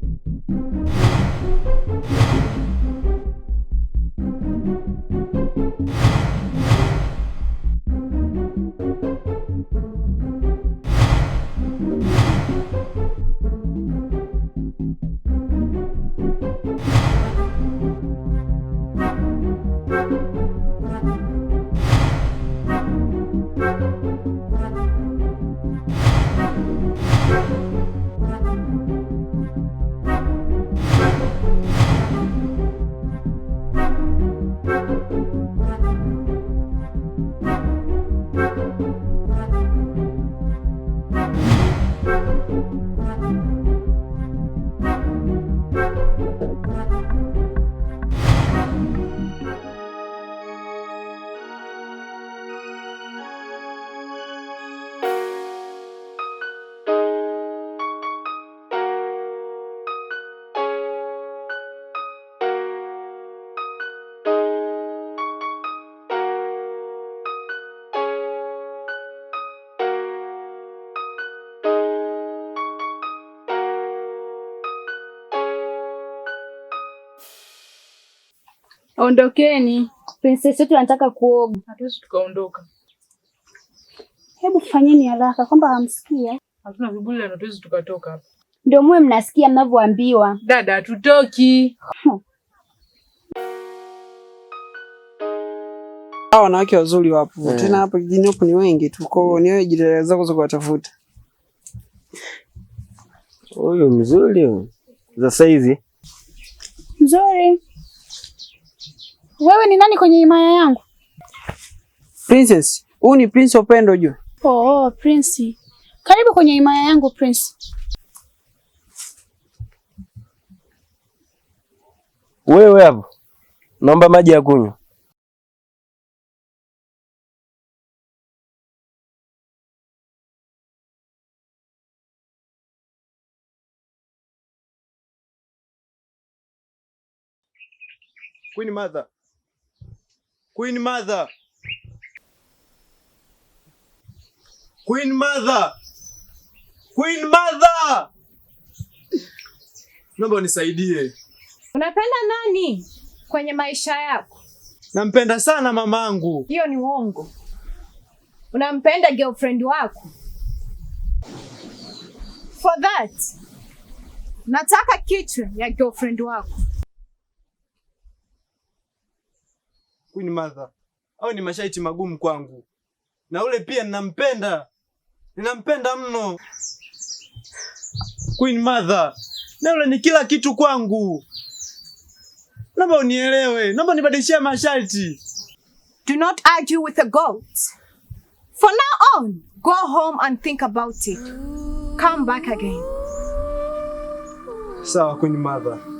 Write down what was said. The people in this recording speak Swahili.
Thank you. Ondokeni, princess yetu anataka kuoga. Hatuwezi tukaondoka. Hebu fanyeni haraka kwamba hamsikia. Hatuna vibuli na hatuwezi tukatoka hapa. Ndio muwe mnasikia mnavyoambiwa. Dada, hatutoki. Hawa wanawake wazuri wapo. yeah. Tena hapo kijini hapo ni wengi tu. Kwa hiyo ni wewe jitihada zako za kuwatafuta. Huyu mzuri. Za saizi. Mzuri. Wewe ni nani kwenye himaya yangu? Princess, huyu ni Prince Upendo juu. Oh, Prince. Karibu kwenye himaya yangu Prince. Wewe hapo. Naomba maji ya kunywa. Queen Mother. Queen Mother. Queen Mother. Queen Mother. Naomba unisaidie. Unapenda nani kwenye maisha yako? Nampenda sana mamangu. Hiyo ni uongo. Unampenda girlfriend wako. For that, nataka kichwa ya girlfriend wako. Queen Mother au ni mashaiti magumu kwangu, na ule pia ninampenda, ninampenda mno Queen Mother, na ule ni kila kitu kwangu. Naomba unielewe, naomba nibadilishie masharti. Do not argue with the goat. For now on, go home and think about it. Come back again. Sawa, Queen Mother.